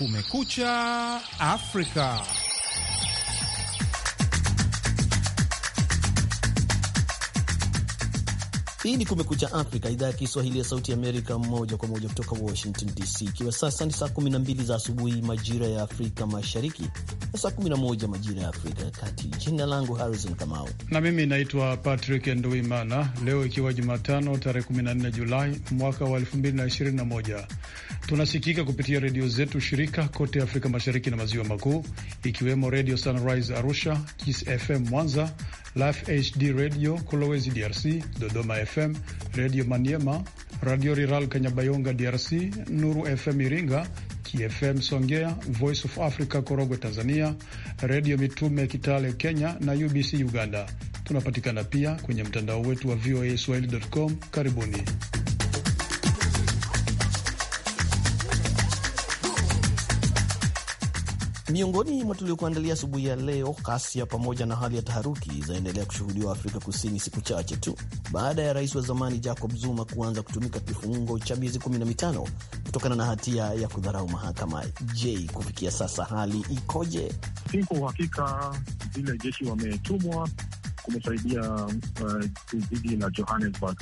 Kumekucha Afrika. Hii ni Kumekucha Afrika, idhaa ya Kiswahili ya Sauti Amerika, moja kwa moja kutoka Washington DC, ikiwa sasa ni saa 12 za asubuhi majira ya Afrika Mashariki na saa 11 majira ya Afrika ya Kati. Jina langu Harrison Kamau na mimi naitwa Patrick Nduimana. Leo ikiwa Jumatano tarehe 14 Julai mwaka wa 2021 tunasikika kupitia redio zetu shirika kote Afrika Mashariki na Maziwa Makuu, ikiwemo Redio Sunrise Arusha, Kiss FM Mwanza, life HD Radio Kolowezi DRC, Dodoma FM, Radio Maniema, Radio Rural Kanyabayonga DRC, Nuru FM Iringa, KFM Songea, Voice of Africa Korogwe Tanzania, Redio Mitume Kitale Kenya na UBC Uganda. Tunapatikana pia kwenye mtandao wetu wa VOA Swahili.com. Karibuni. Miongoni mwa tuliokuandalia asubuhi ya leo, ghasia pamoja na hali ya taharuki zaendelea kushuhudiwa Afrika Kusini siku chache tu baada ya rais wa zamani Jacob Zuma kuanza kutumika kifungo cha miezi 15 kutokana na hatia ya kudharau mahakama. Je, kufikia sasa hali ikoje? Si kwa uhakika vile jeshi wametumwa kumesaidia eh, kuzidi uh, la Johannesburg,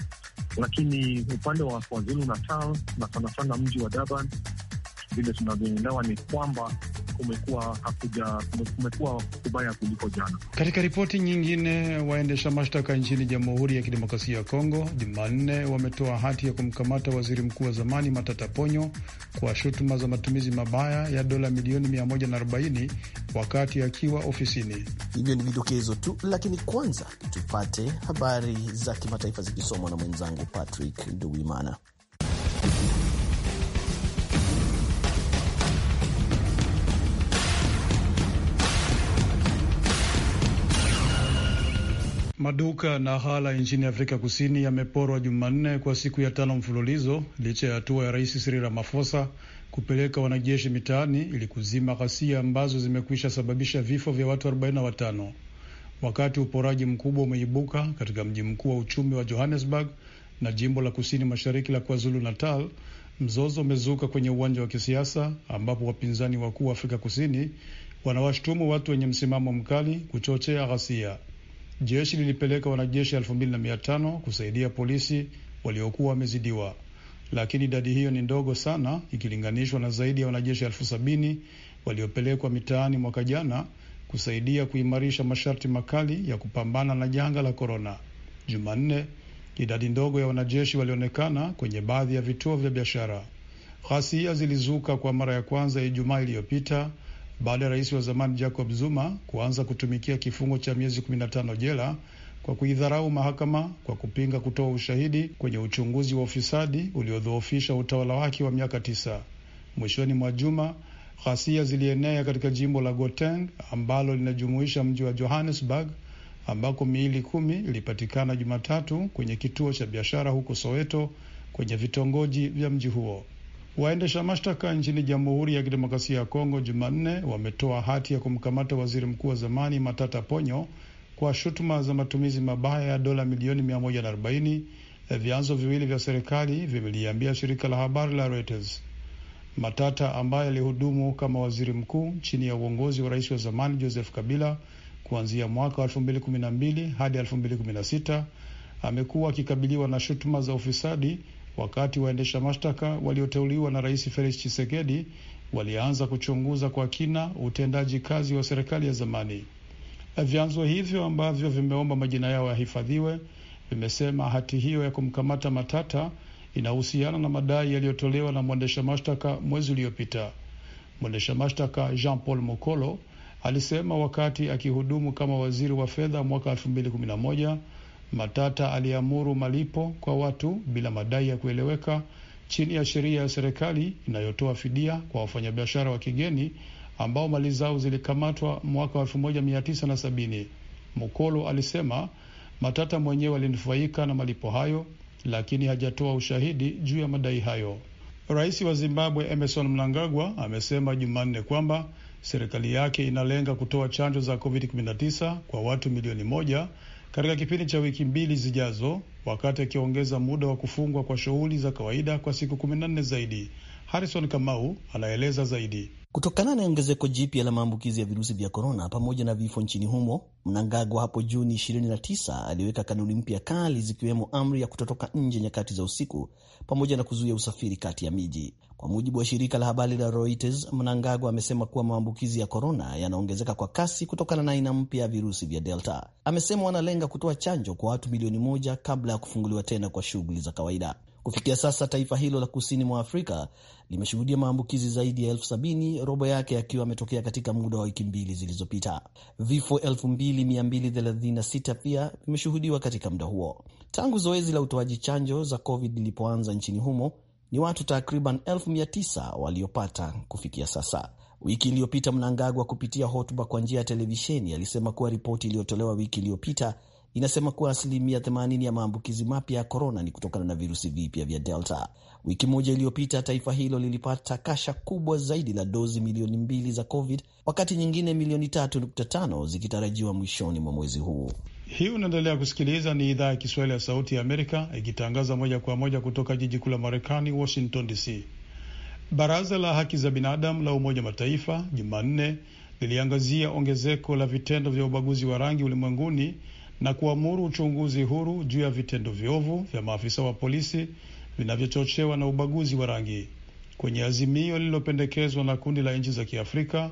lakini upande wa KwaZulu Natal na sana sana mji wa Durban vile tunavyoelewa ni kwamba kumekuwa hakuja kumekuwa kubaya kuliko jana. Katika ripoti nyingine, waendesha mashtaka nchini Jamhuri ya Kidemokrasia ya Kongo Jumanne wametoa hati ya kumkamata waziri mkuu wa zamani Matata Ponyo kwa shutuma za matumizi mabaya ya dola milioni 140 wakati akiwa ofisini. Hivyo ni vidokezo tu, lakini kwanza tupate habari za kimataifa zikisomwa na mwenzangu Patrick Nduwimana. Maduka na hala nchini Afrika Kusini yameporwa Jumanne kwa siku ya tano mfululizo licha ya hatua ya Rais Cyril Ramaphosa kupeleka wanajeshi mitaani ili kuzima ghasia ambazo zimekwisha sababisha vifo vya watu 45. Wakati uporaji mkubwa umeibuka katika mji mkuu wa uchumi wa Johannesburg na jimbo la kusini mashariki la KwaZulu Natal, mzozo umezuka kwenye uwanja wa kisiasa ambapo wapinzani wakuu wa Afrika Kusini wanawashtumu watu wenye msimamo mkali kuchochea ghasia. Jeshi lilipeleka wanajeshi elfu mbili na mia tano kusaidia polisi waliokuwa wamezidiwa, lakini idadi hiyo ni ndogo sana ikilinganishwa na zaidi ya wanajeshi elfu sabini waliopelekwa mitaani mwaka jana kusaidia kuimarisha masharti makali ya kupambana na janga la korona. Jumanne, idadi ndogo ya wanajeshi walionekana kwenye baadhi ya vituo vya biashara. Ghasia zilizuka kwa mara ya kwanza Ijumaa iliyopita baada ya rais wa zamani Jacob Zuma kuanza kutumikia kifungo cha miezi 15 jela kwa kuidharau mahakama kwa kupinga kutoa ushahidi kwenye uchunguzi wa ufisadi uliodhoofisha utawala wake wa miaka tisa. Mwishoni mwa juma ghasia zilienea katika jimbo la Gauteng ambalo linajumuisha mji wa Johannesburg ambako miili kumi ilipatikana Jumatatu kwenye kituo cha biashara huko Soweto kwenye vitongoji vya mji huo. Waendesha mashtaka nchini Jamhuri ya Kidemokrasia ya Kongo Jumanne wametoa hati ya kumkamata waziri mkuu wa zamani Matata Ponyo kwa shutuma za matumizi mabaya ya dola milioni 140. Eh, vyanzo viwili vya serikali vimeliambia shirika la habari la Reuters. Matata ambaye alihudumu kama waziri mkuu chini ya uongozi wa rais wa zamani Joseph Kabila kuanzia mwaka 2012 hadi 2016 amekuwa akikabiliwa na shutuma za ufisadi wakati waendesha mashtaka walioteuliwa na Rais Felix chisekedi walianza kuchunguza kwa kina utendaji kazi wa serikali ya zamani. Vyanzo hivyo ambavyo vimeomba majina yao yahifadhiwe vimesema hati hiyo ya kumkamata Matata inahusiana na madai yaliyotolewa na mwendesha mashtaka mwezi uliopita. Mwendesha mashtaka Jean Paul Mokolo alisema wakati akihudumu kama waziri wa fedha mwaka Matata aliamuru malipo kwa watu bila madai ya kueleweka chini ya sheria ya serikali inayotoa fidia kwa wafanyabiashara wa kigeni ambao mali zao zilikamatwa mwaka wa 1970. Mukolo alisema Matata mwenyewe alinufaika na malipo hayo, lakini hajatoa ushahidi juu ya madai hayo. Rais wa Zimbabwe Emerson Mnangagwa amesema Jumanne kwamba serikali yake inalenga kutoa chanjo za COVID-19 kwa watu milioni moja katika kipindi cha wiki mbili zijazo, wakati akiongeza muda wa kufungwa kwa shughuli za kawaida kwa siku kumi na nne zaidi. Harrison Kamau anaeleza zaidi. Kutokana na ongezeko jipya la maambukizi ya virusi vya korona pamoja na vifo nchini humo, Mnangagwa hapo Juni 29 aliweka kanuni mpya kali zikiwemo amri ya kutotoka nje nyakati za usiku pamoja na kuzuia usafiri kati ya miji. Kwa mujibu wa shirika la habari la Reuters, Mnangagwa amesema kuwa maambukizi ya korona yanaongezeka kwa kasi kutokana na aina mpya ya virusi vya Delta. Amesema wanalenga kutoa chanjo kwa watu milioni moja kabla ya kufunguliwa tena kwa shughuli za kawaida. Kufikia sasa taifa hilo la kusini mwa Afrika limeshuhudia maambukizi zaidi ya elfu sabini, robo yake yakiwa ametokea katika muda wa wiki mbili zilizopita. Vifo 2236 pia vimeshuhudiwa katika muda huo tangu zoezi la utoaji chanjo za COVID lilipoanza nchini humo ni watu takriban elfu mia tisa waliopata kufikia sasa. Wiki iliyopita Mnangagwa, kupitia hotuba kwa njia ya televisheni, alisema kuwa ripoti iliyotolewa wiki iliyopita inasema kuwa asilimia 80 ya maambukizi mapya ya korona ni kutokana na virusi vipya vya Delta. Wiki moja iliyopita, taifa hilo lilipata kasha kubwa zaidi la dozi milioni mbili za COVID, wakati nyingine milioni 3.5 zikitarajiwa mwishoni mwa mwezi huu. Hii unaendelea kusikiliza, ni idhaa ya Kiswahili ya Sauti ya Amerika ikitangaza moja kwa moja kutoka jiji kuu la Marekani, Washington DC. Baraza la Haki za Binadamu la Umoja Mataifa Jumanne liliangazia ongezeko la vitendo vya ubaguzi wa rangi ulimwenguni na kuamuru uchunguzi huru juu ya vitendo viovu vya maafisa wa polisi vinavyochochewa na ubaguzi wa rangi. Kwenye azimio lililopendekezwa na kundi la nchi za Kiafrika,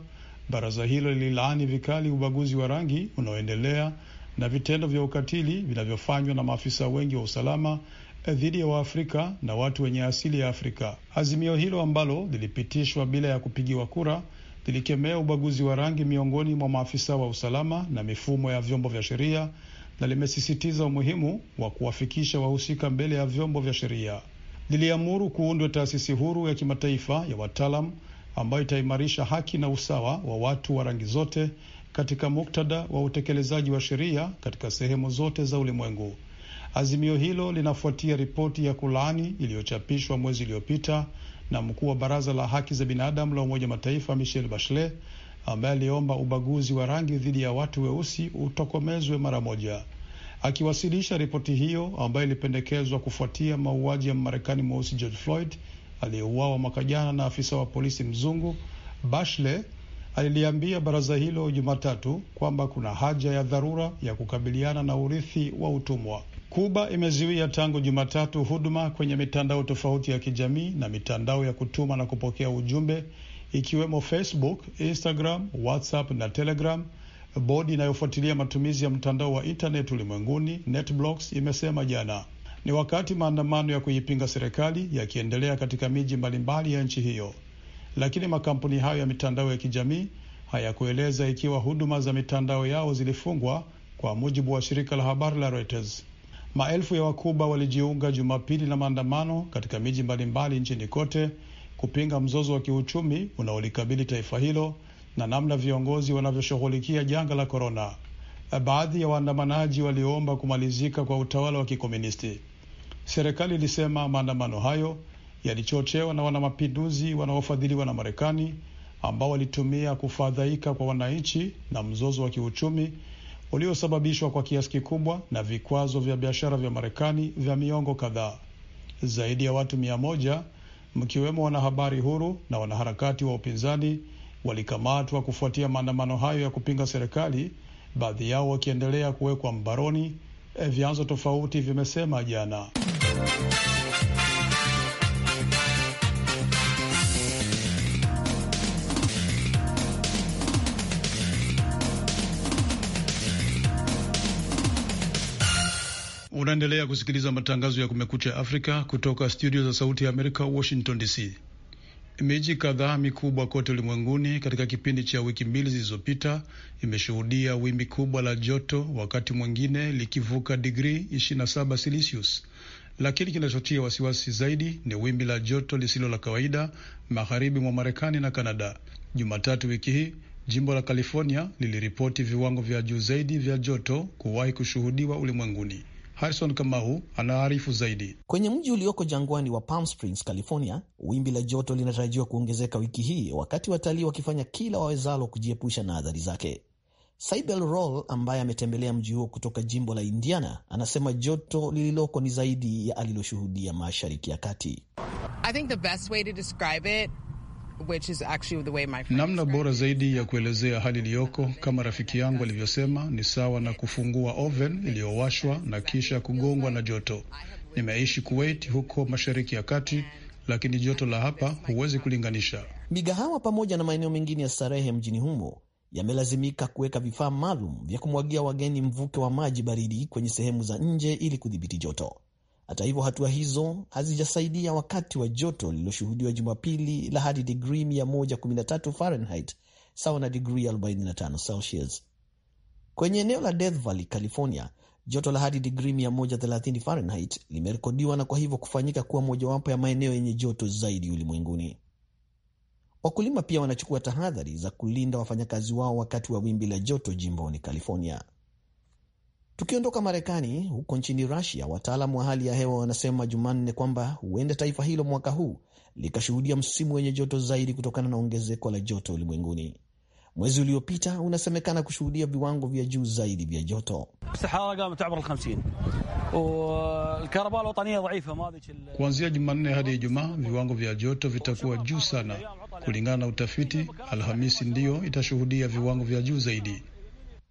baraza hilo lililaani vikali ubaguzi wa rangi unaoendelea na vitendo vya ukatili vinavyofanywa na maafisa wengi wa usalama eh, dhidi ya Waafrika na watu wenye asili ya Afrika. Azimio hilo ambalo lilipitishwa bila ya kupigiwa kura lilikemea ubaguzi wa rangi miongoni mwa maafisa wa usalama na mifumo ya vyombo vya sheria na limesisitiza umuhimu wa kuwafikisha wahusika mbele ya vyombo vya sheria. Liliamuru kuundwe taasisi huru ya kimataifa ya wataalam ambayo itaimarisha haki na usawa wa watu wa rangi zote katika muktadha wa utekelezaji wa sheria katika sehemu zote za ulimwengu. Azimio hilo linafuatia ripoti ya kulaani iliyochapishwa mwezi uliopita na mkuu wa baraza la haki za binadamu la Umoja Mataifa Michelle Bachelet ambaye aliomba ubaguzi wa rangi dhidi ya watu weusi utokomezwe mara moja. Akiwasilisha ripoti hiyo ambayo ilipendekezwa kufuatia mauaji ya Mmarekani mweusi George Floyd aliyeuawa mwaka jana na afisa wa polisi mzungu, Bashle aliliambia baraza hilo Jumatatu kwamba kuna haja ya dharura ya kukabiliana na urithi wa utumwa. Kuba imezuia tangu Jumatatu huduma kwenye mitandao tofauti ya kijamii na mitandao ya kutuma na kupokea ujumbe ikiwemo Facebook, Instagram, WhatsApp na Telegram. Bodi inayofuatilia matumizi ya mtandao wa intaneti ulimwenguni NetBlocks imesema jana. Ni wakati maandamano ya kuipinga serikali yakiendelea katika miji mbalimbali ya nchi hiyo lakini makampuni hayo ya mitandao ya kijamii hayakueleza ikiwa huduma za mitandao yao zilifungwa, kwa mujibu wa shirika la habari la Reuters. Maelfu ya Wakuba walijiunga Jumapili na maandamano katika miji mbalimbali nchini kote kupinga mzozo wa kiuchumi unaolikabili taifa hilo na namna viongozi wanavyoshughulikia janga la korona. Baadhi ya waandamanaji waliomba kumalizika kwa utawala wa kikomunisti. Serikali ilisema maandamano hayo yalichochewa na wanamapinduzi wanaofadhiliwa na Marekani ambao walitumia kufadhaika kwa wananchi na mzozo wa kiuchumi uliosababishwa kwa kiasi kikubwa na vikwazo vya biashara vya Marekani vya miongo kadhaa. Zaidi ya watu mia moja mkiwemo wanahabari huru na wanaharakati wa upinzani walikamatwa kufuatia maandamano hayo ya kupinga serikali, baadhi yao wakiendelea kuwekwa mbaroni, eh, vyanzo tofauti vimesema jana. Unaendelea kusikiliza matangazo ya Kumekucha Afrika kutoka studio za Sauti ya Amerika, Washington DC. Miji kadhaa mikubwa kote ulimwenguni katika kipindi cha wiki mbili zilizopita imeshuhudia wimbi kubwa la joto, wakati mwingine likivuka digrii 27 Celsius. Lakini kinachotia wasiwasi zaidi ni wimbi la joto lisilo la kawaida magharibi mwa Marekani na Kanada. Jumatatu wiki hii jimbo la California liliripoti viwango vya juu zaidi vya joto kuwahi kushuhudiwa ulimwenguni. Harrison Kamau anaarifu zaidi. Kwenye mji ulioko jangwani wa Palm Springs, California, wimbi la joto linatarajiwa kuongezeka wiki hii, wakati watalii wakifanya kila wawezalo kujiepusha na adhari zake. Sibel Roll ambaye ametembelea mji huo kutoka jimbo la Indiana anasema joto lililoko ni zaidi ya aliloshuhudia mashariki ya kati. I think the best way to describe it which is actually the way my namna bora zaidi ya kuelezea hali iliyoko, kama rafiki yangu alivyosema, ni sawa na kufungua oven iliyowashwa na kisha kugongwa na joto. Nimeishi Kuwait, huko Mashariki ya Kati, lakini joto la hapa huwezi kulinganisha. Migahawa pamoja na maeneo mengine ya starehe mjini humo yamelazimika kuweka vifaa maalum vya kumwagia wageni mvuke wa maji baridi kwenye sehemu za nje ili kudhibiti joto. Hata hivyo, hatua hizo hazijasaidia wakati wa joto lililoshuhudiwa Jumapili la hadi digrii 113 Fahrenheit, sawa na digrii 45 Celsius. Kwenye eneo la Death Valley, California, joto la hadi digrii 130 Fahrenheit limerekodiwa na kwa hivyo kufanyika kuwa mojawapo ya maeneo yenye joto zaidi ulimwenguni. Wakulima pia wanachukua tahadhari za kulinda wafanyakazi wao wakati wa wimbi la joto jimboni California. Tukiondoka Marekani, huko nchini Rusia, wataalam wa hali ya hewa wanasema Jumanne kwamba huenda taifa hilo mwaka huu likashuhudia msimu wenye joto zaidi kutokana na ongezeko la joto ulimwenguni. Mwezi uliopita unasemekana kushuhudia viwango vya juu zaidi vya joto. Kuanzia Jumanne hadi Ijumaa viwango vya joto vitakuwa juu sana, kulingana na utafiti. Alhamisi ndiyo itashuhudia viwango vya juu zaidi.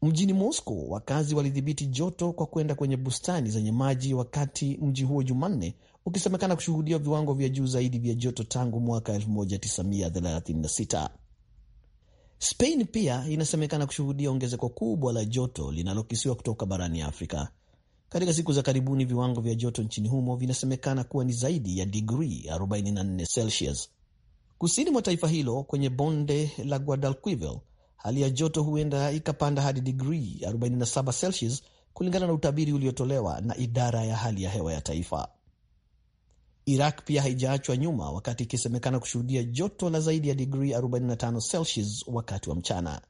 Mjini Moscow, wakazi walidhibiti joto kwa kwenda kwenye bustani zenye maji, wakati mji huo Jumanne ukisemekana kushuhudia viwango vya juu zaidi vya joto tangu mwaka 1936. Spain pia inasemekana kushuhudia ongezeko kubwa la joto linalokisiwa kutoka barani Afrika. Katika siku za karibuni, viwango vya joto nchini humo vinasemekana kuwa ni zaidi ya digrii 44 Celsius. Kusini mwa taifa hilo kwenye bonde la Guadalquivir hali ya joto huenda ikapanda hadi digrii 47 Celsius kulingana na utabiri uliotolewa na idara ya hali ya hewa ya taifa. Iraq pia haijaachwa nyuma, wakati ikisemekana kushuhudia joto la zaidi ya digrii 45 Celsius wakati wa mchana.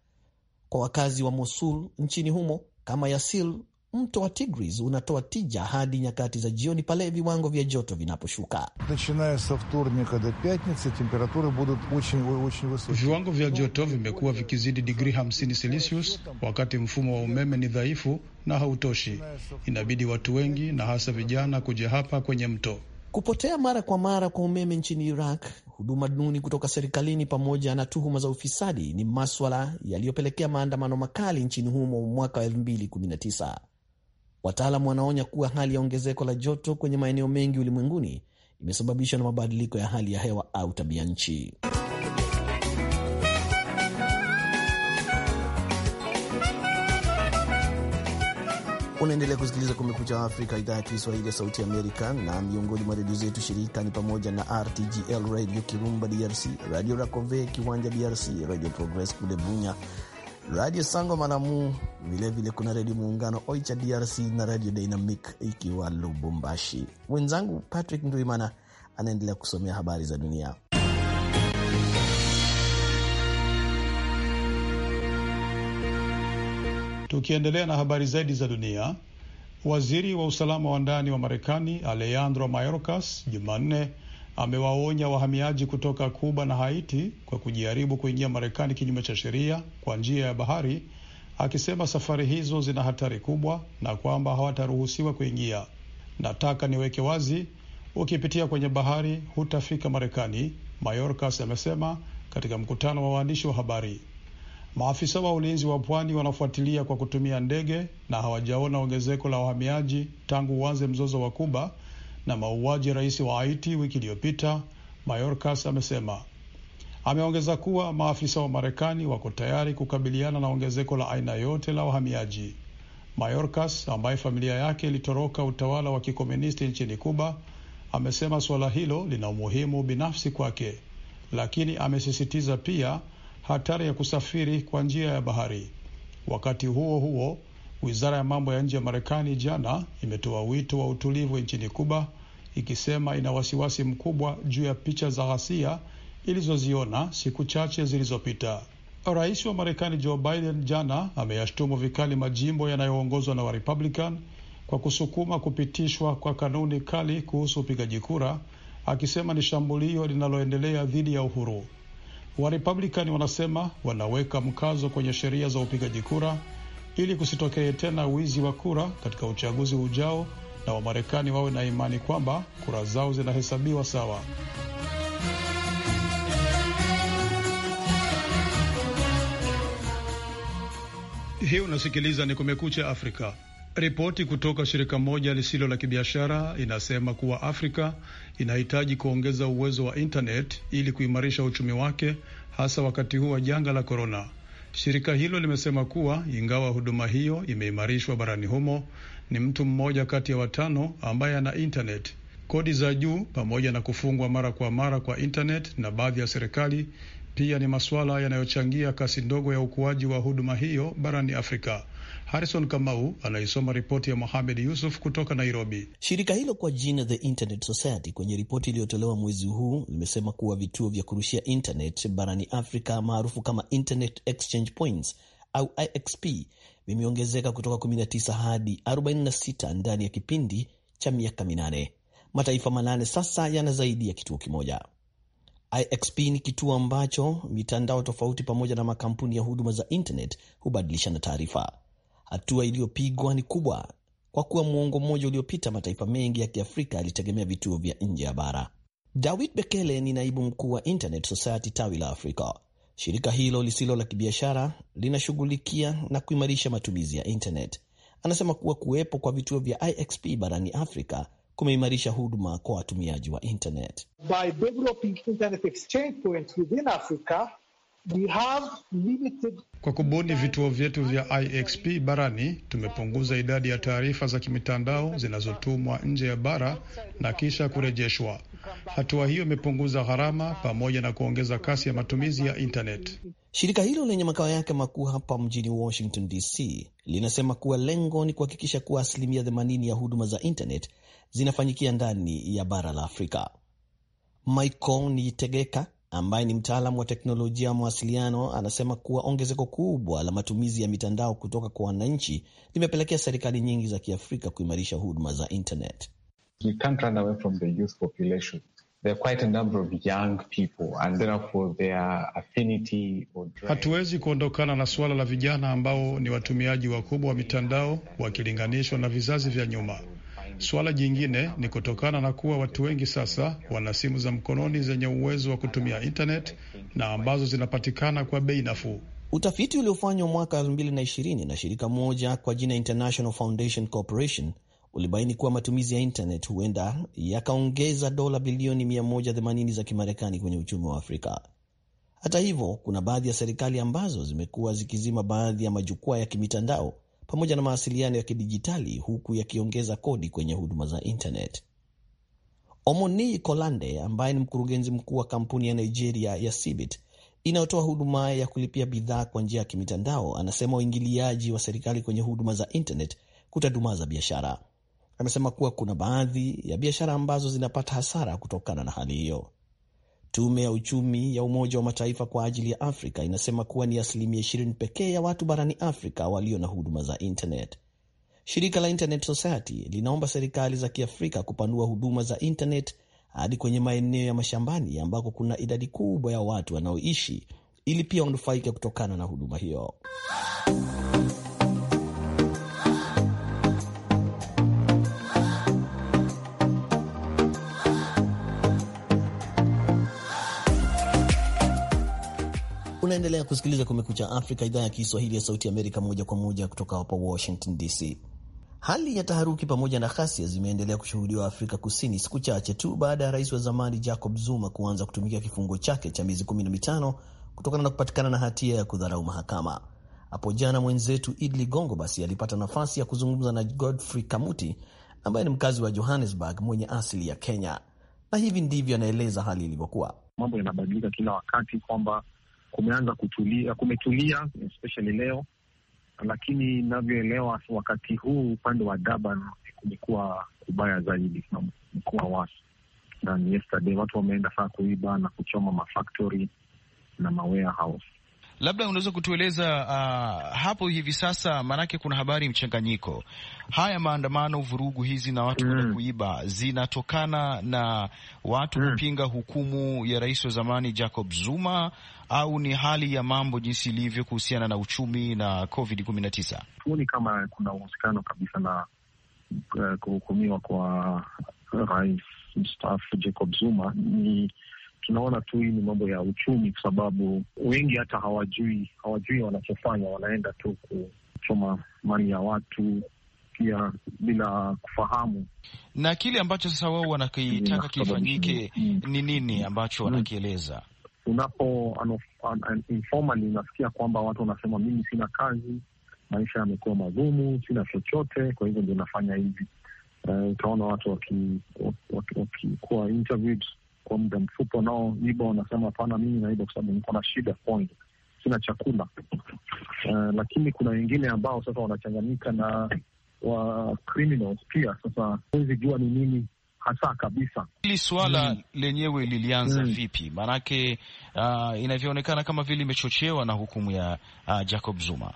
Kwa wakazi wa Mosul nchini humo, kama Yasil Mto wa Tigris unatoa tija hadi nyakati za jioni pale viwango vya joto vinaposhuka. Viwango vya joto vimekuwa vikizidi digrii 50 Celsius, wakati mfumo wa umeme ni dhaifu na hautoshi. Inabidi watu wengi na hasa vijana kuja hapa kwenye mto. Kupotea mara kwa mara kwa umeme nchini Iraq, huduma duni kutoka serikalini, pamoja na tuhuma za ufisadi ni maswala yaliyopelekea maandamano makali nchini humo mwaka wa 2019 wataalamu wanaonya kuwa hali ya ongezeko la joto kwenye maeneo mengi ulimwenguni imesababishwa na mabadiliko ya hali ya hewa au tabia nchi. Unaendelea kusikiliza Kumekucha Afrika, idhaa ya Kiswahili ya Sauti Amerika. Na miongoni mwa redio zetu shirika ni pamoja na RTGL Radio Kirumba DRC, Radio Racove Kiwanja DRC, Radio Progress kule Bunya, Radio Sango Malamu, vilevile kuna redio Muungano Oicha DRC na Radio Dynamic ikiwa Lubumbashi. Mwenzangu Patrick Nduimana anaendelea kusomea habari za dunia. Tukiendelea na habari zaidi za dunia, waziri wa usalama wa ndani wa Marekani Alejandro Mayorkas Jumanne amewaonya wahamiaji kutoka Kuba na Haiti kwa kujaribu kuingia Marekani kinyume cha sheria kwa njia ya bahari, akisema safari hizo zina hatari kubwa na kwamba hawataruhusiwa kuingia. Nataka niweke wazi, ukipitia kwenye bahari hutafika Marekani, Mayorkas amesema katika mkutano wa waandishi wa habari. Maafisa wa ulinzi wa pwani wanafuatilia kwa kutumia ndege na hawajaona ongezeko la wahamiaji tangu uanze mzozo wa Kuba na mauaji rais wa Haiti wiki iliyopita, Mayorkas amesema. Ameongeza kuwa maafisa wa Marekani wako tayari kukabiliana na ongezeko la aina yote la wahamiaji. Mayorkas ambaye familia yake ilitoroka utawala wa kikomunisti nchini Kuba amesema suala hilo lina umuhimu binafsi kwake, lakini amesisitiza pia hatari ya kusafiri kwa njia ya bahari. Wakati huo huo, wizara ya mambo ya nje ya Marekani jana imetoa wito wa utulivu nchini Kuba ikisema ina wasiwasi mkubwa juu ya picha za ghasia ilizoziona siku chache zilizopita. Rais wa Marekani Joe Biden jana ameyashtumu vikali majimbo yanayoongozwa na Warepublican kwa kusukuma kupitishwa kwa kanuni kali kuhusu upigaji kura, akisema ni shambulio linaloendelea dhidi ya uhuru. Warepublikani wanasema wanaweka mkazo kwenye sheria za upigaji kura ili kusitokee tena wizi wa kura katika uchaguzi ujao na Wamarekani wawe na imani kwamba kura zao zinahesabiwa sawa. Hii unasikiliza ni Kumekucha Afrika. Ripoti kutoka shirika moja lisilo la kibiashara inasema kuwa Afrika inahitaji kuongeza uwezo wa intanet ili kuimarisha uchumi wake hasa wakati huu wa janga la korona. Shirika hilo limesema kuwa ingawa huduma hiyo imeimarishwa barani humo, ni mtu mmoja kati ya watano ambaye ana intanet Kodi za juu pamoja na kufungwa mara kwa mara kwa intanet na baadhi ya serikali pia ni masuala yanayochangia kasi ndogo ya ukuaji wa huduma hiyo barani Afrika. Harrison Kamau anaisoma ripoti ya Mohamed Yusuf kutoka Nairobi. Shirika hilo kwa jina The Internet Society kwenye ripoti iliyotolewa mwezi huu limesema kuwa vituo vya kurushia internet barani Afrika maarufu kama Internet Exchange Points au IXP vimeongezeka kutoka 19 hadi 46 ndani ya kipindi cha miaka minane. Mataifa manane sasa yana zaidi ya kituo kimoja. IXP ni kituo ambacho mitandao tofauti pamoja na makampuni ya huduma za internet hubadilishana taarifa. Hatua iliyopigwa ni kubwa kwa kuwa muongo mmoja uliopita mataifa mengi ya Kiafrika yalitegemea vituo vya nje ya bara. Dawid Bekele ni naibu mkuu wa Internet Society tawi la Afrika. Shirika hilo lisilo la kibiashara linashughulikia na kuimarisha matumizi ya internet. Anasema kuwa kuwepo kwa vituo vya IXP barani Afrika kumeimarisha huduma kwa watumiaji wa internet. By developing internet exchange points within Africa, we have limited... Kwa kubuni vituo vyetu vya IXP barani, tumepunguza idadi ya taarifa za kimitandao zinazotumwa nje ya bara na kisha kurejeshwa. Hatua hiyo imepunguza gharama pamoja na kuongeza kasi ya matumizi ya intanet. Shirika hilo lenye makao yake makuu hapa mjini Washington DC linasema kuwa lengo ni kuhakikisha kuwa asilimia 80 ya huduma za intanet zinafanyikia ndani ya bara la Afrika. Michael Nitegeka ambaye ni mtaalamu wa teknolojia ya mawasiliano anasema kuwa ongezeko kubwa la matumizi ya mitandao kutoka kwa wananchi limepelekea serikali nyingi za Kiafrika kuimarisha huduma za intanet. You can't run away from the youth population. Hatuwezi kuondokana na suala la vijana ambao ni watumiaji wakubwa wa mitandao wakilinganishwa na vizazi vya nyuma. Suala jingine ni kutokana na kuwa watu wengi sasa wana simu za mkononi zenye uwezo wa kutumia internet na ambazo zinapatikana kwa bei nafuu. Utafiti uliofanywa mwaka 2020 na shirika moja kwa jina International Foundation Corporation ulibaini kuwa matumizi ya internet huenda yakaongeza dola bilioni 180 za Kimarekani kwenye uchumi wa Afrika. Hata hivyo, kuna baadhi ya serikali ambazo zimekuwa zikizima baadhi ya majukwaa ya kimitandao pamoja na mawasiliano ya kidijitali huku yakiongeza kodi kwenye huduma za internet. Omoni Kolande ambaye ni mkurugenzi mkuu wa kampuni ya Nigeria ya Cebit inayotoa huduma ya kulipia bidhaa kwa njia ya kimitandao anasema uingiliaji wa serikali kwenye huduma za internet kutadumaza biashara amesema kuwa kuna baadhi ya biashara ambazo zinapata hasara kutokana na hali hiyo. Tume ya uchumi ya Umoja wa Mataifa kwa ajili ya Afrika inasema kuwa ni asilimia 20 pekee ya watu barani Afrika walio na huduma za internet. Shirika la Internet Society linaomba serikali za Kiafrika kupanua huduma za internet hadi kwenye maeneo ya mashambani ambako kuna idadi kubwa ya watu wanaoishi ili pia wanufaike kutokana na huduma hiyo. Unaendelea kusikiliza Kumekucha Afrika, idhaa ya Kiswahili ya Sauti Amerika, moja kwa moja kutoka hapa Washington DC. Hali ya taharuki pamoja na ghasia zimeendelea kushuhudiwa Afrika Kusini, siku chache tu baada ya rais wa zamani Jacob Zuma kuanza kutumikia kifungo chake cha miezi 15 kutokana na kupatikana na hatia ya kudharau mahakama. Hapo jana mwenzetu idli gongo basi alipata nafasi ya kuzungumza na Godfrey Kamuti ambaye ni mkazi wa Johannesburg mwenye asili ya Kenya, na hivi ndivyo anaeleza hali ilivyokuwa. Mambo yanabadilika kila wakati, kwamba kumeanza kutulia, kumetulia especially leo, lakini inavyoelewa wakati huu upande wa Durban kumekuwa kubaya zaidi na wasi wa yesterday, watu wameenda saa kuiba na kuchoma mafactory na mawarehouse labda unaweza kutueleza uh, hapo hivi sasa, maanake kuna habari mchanganyiko. Haya maandamano, vurugu hizi na watu mm. kuiba zinatokana na watu mm. kupinga hukumu ya rais wa zamani Jacob Zuma au ni hali ya mambo jinsi ilivyo kuhusiana na uchumi na Covid 19? Huoni kama kuna uhusikano kabisa na uh, kuhukumiwa kwa rais mstaafu Jacob Zuma ni tunaona tu hii ni mambo ya uchumi, kwa sababu wengi hata hawajui hawajui wanachofanya, wanaenda tu kuchoma mali ya watu pia bila kufahamu. Na kile ambacho sasa wao wanakitaka kifanyike ni nini ambacho mm. wanakieleza? Unapo informally unasikia kwamba watu wanasema mimi sina kazi, maisha yamekuwa magumu, sina chochote, kwa hivyo ndio nafanya hivi. Eh, utaona uh, watu wakikuwa waki, waki, waki, kwa muda mfupi wanaoiba wanasema hapana, mimi naiba kwa sababu niko na shida point, sina chakula uh, lakini kuna wengine ambao sasa wanachanganyika na wa criminals pia. Sasa huwezi jua ni nini hasa kabisa. Hili suala mm, lenyewe lilianza mm, vipi? Maanake uh, inavyoonekana kama vile imechochewa na hukumu ya uh, Jacob Zuma.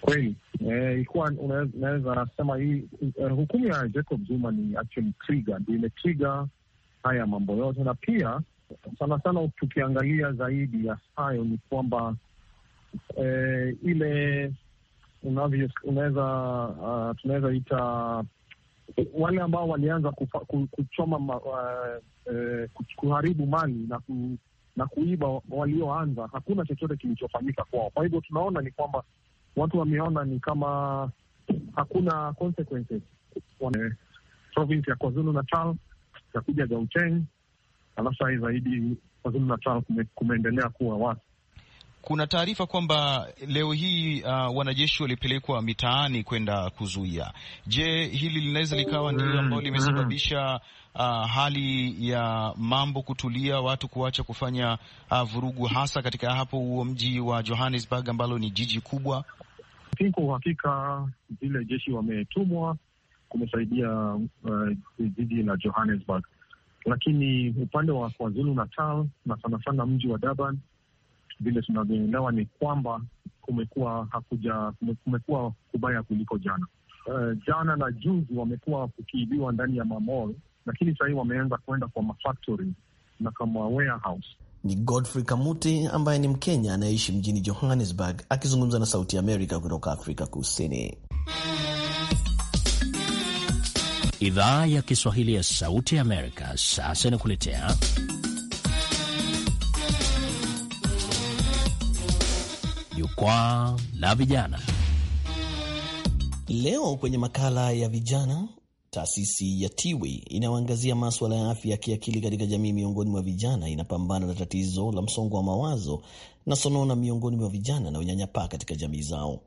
Kweli eh, ilikuwa eh, unaweza sema hii uh, hukumu ya Jacob Zuma ni actually trigger, ndio imetrigger haya mambo yote, na pia sana sana tukiangalia zaidi ya hayo ni kwamba e, ile unavyo unaweza uh, tunaweza ita wale ambao walianza kufa, kuchoma ma, uh, uh, kuharibu mali na, ku, na kuiba walioanza, hakuna chochote kilichofanyika kwao. Kwa hivyo tunaona ni kwamba watu wameona ni kama hakuna consequences. Eh, province ya KwaZulu Natal itakuja Gauteng, alafu hai zaidi KwaZulu Natal kume, kumeendelea kuwa watu kuna taarifa kwamba leo hii uh, wanajeshi walipelekwa mitaani kwenda kuzuia. Je, hili linaweza likawa ndio ambalo limesababisha uh, hali ya mambo kutulia, watu kuacha kufanya uh, vurugu, hasa katika hapo huo mji wa Johannesburg ambalo ni jiji kubwa? kwa uhakika vile jeshi wametumwa kumesaidia uh, jiji la Johannesburg, lakini upande wa KwaZulu Natal na sana sana mji wa Durban, vile tunavyoelewa ni kwamba kumekuwa hakuja kumekuwa kubaya kuliko jana. Uh, jana na juzi wamekuwa kukiibiwa ndani ya mamol lakini sahii wameanza kuenda kwa mafactory na kama warehouse. Ni Godfrey Kamuti ambaye ni Mkenya anayeishi mjini Johannesburg akizungumza na Sauti ya Amerika kutoka Afrika Kusini. Idhaa ya Kiswahili ya Sauti ya Amerika sasa inakuletea Jukwaa la Vijana. Leo kwenye makala ya vijana, taasisi ya Tiwi inayoangazia maswala ya afya ya kiakili katika jamii miongoni mwa vijana inapambana na tatizo la msongo wa mawazo na sonona miongoni mwa vijana na unyanyapaa katika jamii zao.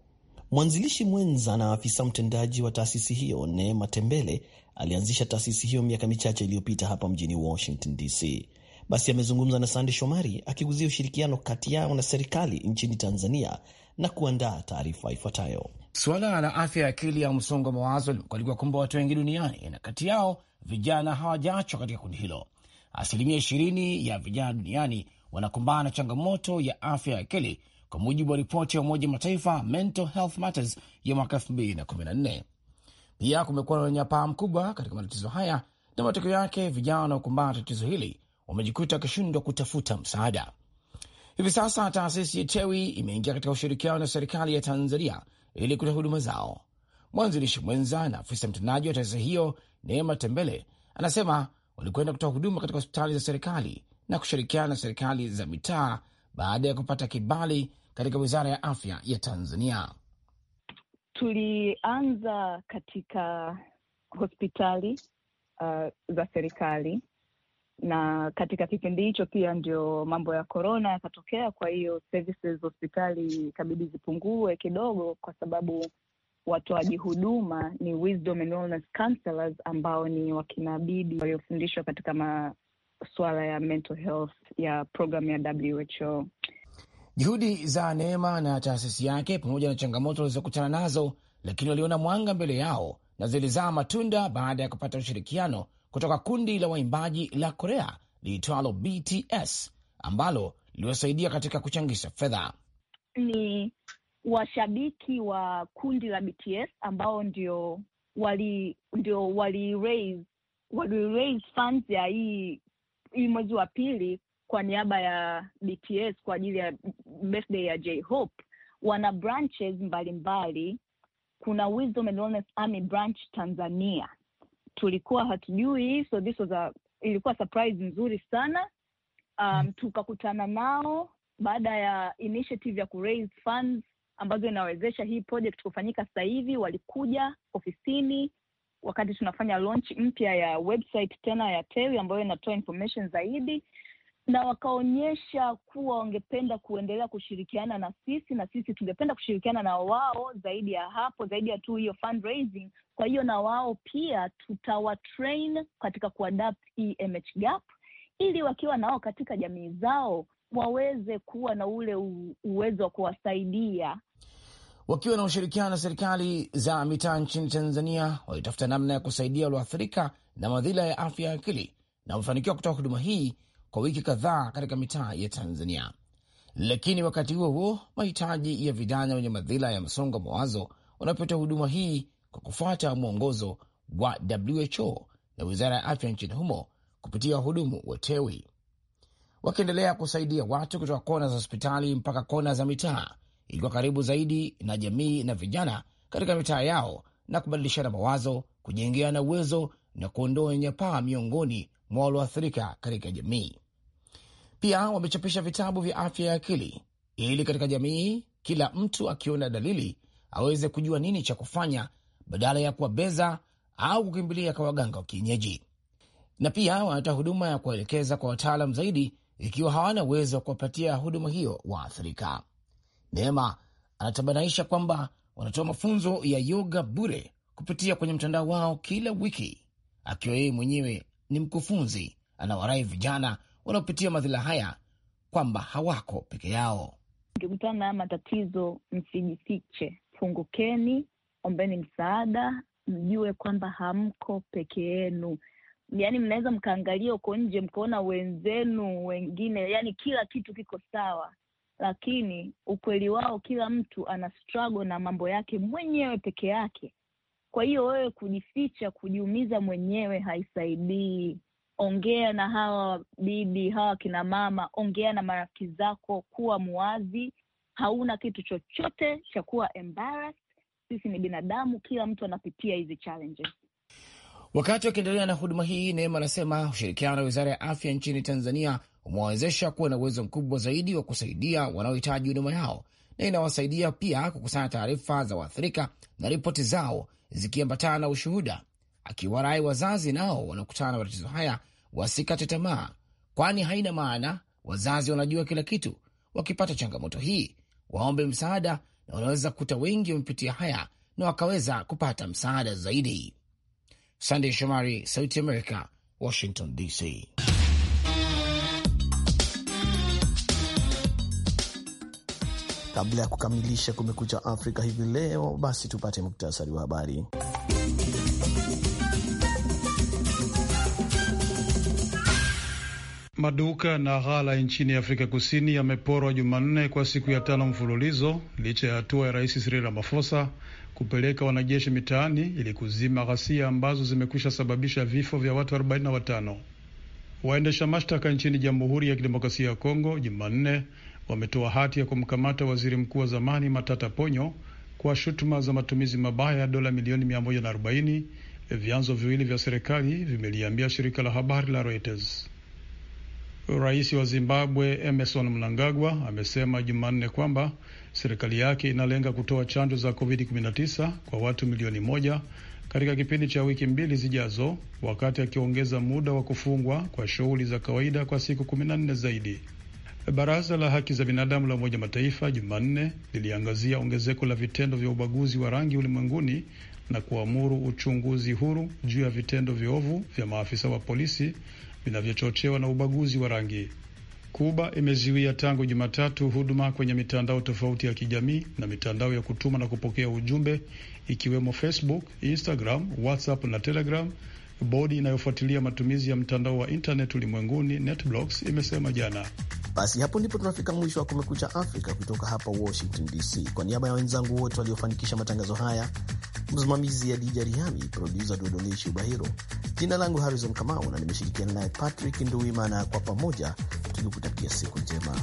Mwanzilishi mwenza na afisa mtendaji wa taasisi hiyo Neema Tembele alianzisha taasisi hiyo miaka michache iliyopita hapa mjini Washington DC. Basi amezungumza na Sande Shomari akiguzia ushirikiano kati yao na serikali nchini Tanzania na kuandaa taarifa ifuatayo. Suala la afya ya akili au msongo wa mawazo limekuwa likiwakumba watu wengi duniani, na kati yao vijana hawajaachwa katika kundi hilo. Asilimia ishirini ya vijana duniani wanakumbana na changamoto ya afya ya akili kwa mujibu wa ripoti ya Umoja Mataifa Mental Health Matters ya mwaka 2014. Pia kumekuwa na unyanyapaa mkubwa katika matatizo haya, na matokeo yake vijana wanaokumbana tatizo hili wamejikuta wakishindwa kutafuta msaada. Hivi sasa taasisi ya Tewi imeingia katika ushirikiano na serikali ya Tanzania ili kutoa huduma zao. Mwanzilishi mwenza na afisa mtendaji wa taasisi hiyo Neema Tembele anasema walikwenda kutoa huduma katika hospitali za serikali na kushirikiana na serikali za mitaa baada ya kupata kibali katika wizara ya afya ya Tanzania? Tulianza katika hospitali uh, za serikali na katika kipindi hicho pia ndio mambo ya korona yakatokea. Kwa hiyo services hospitali ikabidi zipungue kidogo, kwa sababu watoaji huduma ni wisdom and wellness counselors ambao ni wakinabidi waliofundishwa katika masuala ya mental health ya programu ya WHO. Juhudi za Neema na taasisi yake pamoja na changamoto walizokutana nazo, lakini waliona mwanga mbele yao na zilizaa matunda baada ya kupata ushirikiano kutoka kundi la waimbaji la Korea liitwalo BTS ambalo liliwasaidia katika kuchangisha fedha. Ni washabiki wa kundi la BTS ambao ndio wali ndio wali raise wali raise funds ya hii hii mwezi wa pili kwa niaba ya BTS kwa ajili ya birthday ya J-Hope, wana branches mbalimbali mbali. Kuna Wisdom and Wellness Army branch Tanzania, tulikuwa hatujui, so this was a, ilikuwa surprise nzuri sana um, tukakutana nao baada ya initiative ya kuraise funds ambazo inawezesha hii project kufanyika sasa hivi. Walikuja ofisini wakati tunafanya launch mpya ya website tena ya Tewi ambayo inatoa information zaidi na wakaonyesha kuwa wangependa kuendelea kushirikiana na sisi, na sisi tungependa kushirikiana na wao zaidi ya hapo, zaidi ya tu hiyo fundraising. Kwa hiyo na wao pia tutawatrain katika kuadapt e hii ili wakiwa nao katika jamii zao waweze kuwa na ule uwezo wa kuwasaidia. Wakiwa na ushirikiano na serikali za mitaa nchini Tanzania, walitafuta namna ya kusaidia walioathirika na madhila ya afya ya akili na wamefanikiwa kutoa huduma hii kwa wiki kadhaa katika mitaa ya Tanzania. Lakini wakati huo huo, mahitaji ya vijana wenye madhila ya msongo wa mawazo wanapata huduma hii kwa kufuata mwongozo wa WHO na wizara ya afya nchini humo kupitia wahudumu wa TEWI wakiendelea kusaidia watu kutoka kona za hospitali mpaka kona za mitaa, ikiwa karibu zaidi na jamii na vijana katika mitaa yao, na kubadilishana mawazo, kujengeana uwezo na kuondoa unyanyapaa miongoni mwa walioathirika katika jamii. Pia wamechapisha vitabu vya afya ya akili ili katika jamii kila mtu akiona dalili aweze kujua nini cha kufanya badala ya kuwabeza au kukimbilia kwa waganga wa kienyeji. Na pia wanatoa huduma ya kuwaelekeza kwa wataalam zaidi ikiwa hawana uwezo wa kuwapatia huduma hiyo waathirika. Neema anatabanaisha kwamba wanatoa mafunzo ya yoga bure kupitia kwenye mtandao wao kila wiki, akiwa yeye mwenyewe ni mkufunzi, anawarai vijana wanaopitia madhila haya kwamba hawako peke yao. Ukikutana na matatizo, msijifiche, fungukeni, ombeni msaada, mjue kwamba hamko peke yenu. Yaani mnaweza mkaangalia uko nje, mkaona wenzenu wengine, yaani kila kitu kiko sawa, lakini ukweli wao, kila mtu ana struggle na mambo yake mwenyewe peke yake. Kwa hiyo wewe kujificha, kujiumiza mwenyewe haisaidii ongea na hawa bibi, hawa kina mama, ongea na marafiki zako, kuwa mwazi. Hauna kitu chochote cha kuwa embarrassed. Sisi ni binadamu, kila mtu anapitia hizi challenges. Wakati wakiendelea na huduma hii, Neema anasema ushirikiano na wizara ya afya nchini Tanzania umewawezesha kuwa na uwezo mkubwa zaidi wa kusaidia wanaohitaji huduma yao na inawasaidia pia kukusanya taarifa za waathirika na ripoti zao zikiambatana na ushuhuda, akiwarai wazazi nao wanaokutana na matatizo haya wasikate tamaa, kwani haina maana wazazi wanajua kila kitu. Wakipata changamoto hii, waombe msaada, na wanaweza kuta wengi wamepitia haya na wakaweza kupata msaada zaidi. Sandey Shomari, Sauti America, Washington DC. Kabla ya kukamilisha Kumekucha Afrika hivi leo, basi tupate muktasari wa habari. Maduka na ghala nchini Afrika Kusini yameporwa Jumanne kwa siku ya tano mfululizo licha ya hatua ya Rais Cyril Ramaphosa kupeleka wanajeshi mitaani ili kuzima ghasia ambazo zimekwisha sababisha vifo vya watu 45. Waendesha mashtaka nchini Jamhuri ya Kidemokrasia ya Kongo Jumanne wametoa hati ya kumkamata waziri mkuu wa zamani Matata Ponyo kwa shutuma za matumizi mabaya ya dola milioni 140, vyanzo viwili vya serikali vimeliambia shirika la habari la Reuters. Rais wa Zimbabwe Emerson Mnangagwa amesema Jumanne kwamba serikali yake inalenga kutoa chanjo za COVID-19 kwa watu milioni moja katika kipindi cha wiki mbili zijazo, wakati akiongeza muda wa kufungwa kwa shughuli za kawaida kwa siku 14 zaidi. Baraza la haki za binadamu la Umoja Mataifa Jumanne liliangazia ongezeko la vitendo vya ubaguzi wa rangi ulimwenguni na kuamuru uchunguzi huru juu ya vitendo viovu vya maafisa wa polisi vinavyochochewa na ubaguzi wa rangi. Kuba imeziwia tangu Jumatatu huduma kwenye mitandao tofauti ya kijamii na mitandao ya kutuma na kupokea ujumbe ikiwemo Facebook, Instagram, WhatsApp na Telegram Bodi inayofuatilia matumizi ya mtandao wa intanet ulimwenguni, NetBlocks, imesema jana. Basi hapo ndipo tunafika mwisho wa Kumekucha Afrika kutoka hapa Washington DC. Kwa niaba ya wenzangu wote waliofanikisha matangazo haya, msimamizi ya Dija Riami, produsa Dodoni Ubahiro, jina langu Harrison Kamau na nimeshirikiana naye Patrick nduimana kwa pamoja tukikutakia siku njema.